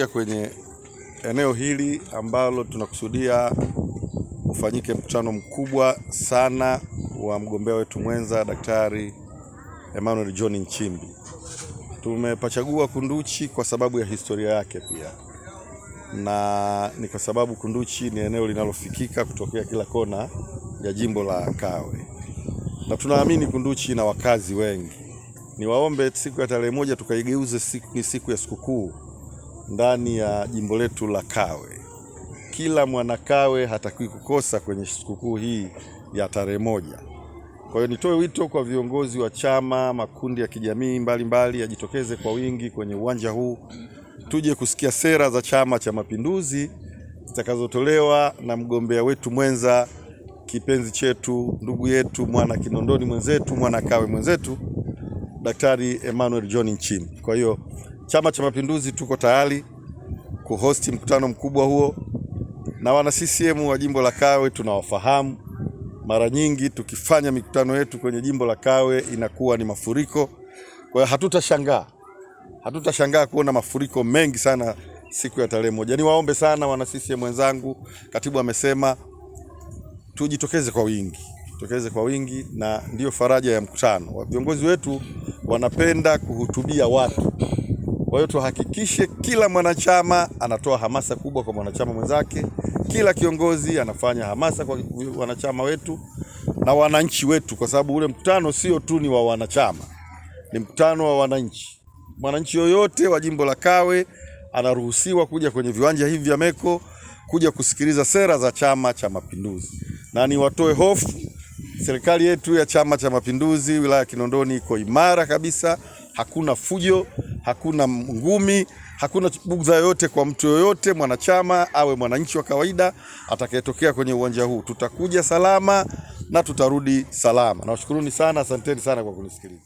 a kwenye eneo hili ambalo tunakusudia ufanyike mkutano mkubwa sana wa mgombea wetu mwenza Daktari Emmanuel John Nchimbi. Tumepachagua Kunduchi kwa sababu ya historia yake pia, na ni kwa sababu Kunduchi ni eneo linalofikika kutokea kila kona ya jimbo la Kawe, na tunaamini Kunduchi na wakazi wengi. Niwaombe siku ya tarehe moja tukaigeuze siku, ni siku ya sikukuu ndani ya jimbo letu la Kawe. Kila mwanakawe hatakiwi kukosa kwenye sikukuu hii ya tarehe moja. Kwa hiyo nitoe wito kwa viongozi wa chama, makundi ya kijamii mbalimbali yajitokeze kwa wingi kwenye uwanja huu, tuje kusikia sera za Chama cha Mapinduzi zitakazotolewa na mgombea wetu mwenza, kipenzi chetu, ndugu yetu, mwana Kinondoni mwenzetu, mwana Kawe mwenzetu, Daktari Emmanuel John Nchimbi. Kwa hiyo Chama cha Mapinduzi tuko tayari kuhosti mkutano mkubwa huo, na wana CCM wa jimbo la Kawe tunawafahamu. Mara nyingi tukifanya mikutano yetu kwenye jimbo la Kawe inakuwa ni mafuriko. Kwa hiyo hatutashangaa, hatutashangaa kuona mafuriko mengi sana siku ya tarehe moja. Niwaombe sana wana CCM wenzangu, katibu amesema tujitokeze kwa wingi, tokeze kwa wingi, na ndiyo faraja ya mkutano. Viongozi wetu wanapenda kuhutubia watu kwa hiyo tuhakikishe kila mwanachama anatoa hamasa kubwa kwa mwanachama mwenzake, kila kiongozi anafanya hamasa kwa wanachama wetu na wananchi wetu, kwa sababu ule mkutano sio tu ni wa wanachama, ni mkutano wa wananchi. Mwananchi yoyote wa jimbo la Kawe anaruhusiwa kuja kwenye viwanja hivi vya Meko kuja kusikiliza sera za Chama cha Mapinduzi, na niwatoe hofu Serikali yetu ya Chama cha Mapinduzi wilaya ya Kinondoni iko imara kabisa, hakuna fujo, hakuna ngumi, hakuna bugza yoyote kwa mtu yoyote, mwanachama awe mwananchi wa kawaida atakayetokea kwenye uwanja huu. Tutakuja salama na tutarudi salama. Nawashukuruni sana, asanteni sana kwa kunisikiliza.